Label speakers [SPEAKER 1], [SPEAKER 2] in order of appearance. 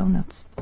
[SPEAKER 1] rovnost.